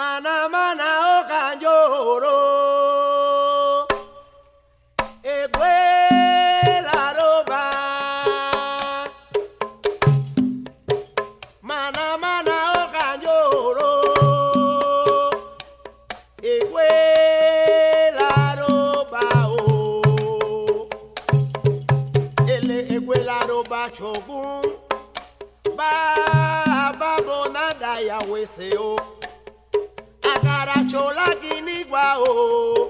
mana mana o kanjoro egwe la roba mana mana o kanjoro egwe la roba o ele egwe la roba chogun ba ba nada ya wese o. Carachola, guiniguao. oh.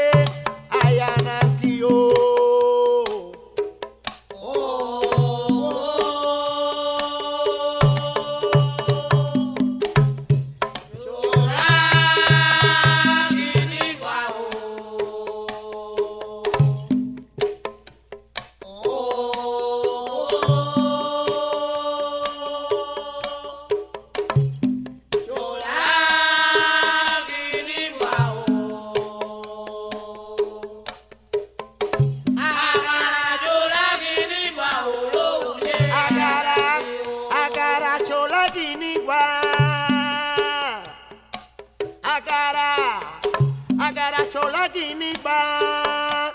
nígbà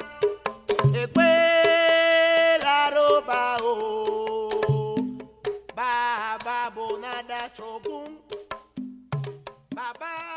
ba, láró bá o bàbá bò náà bàbá.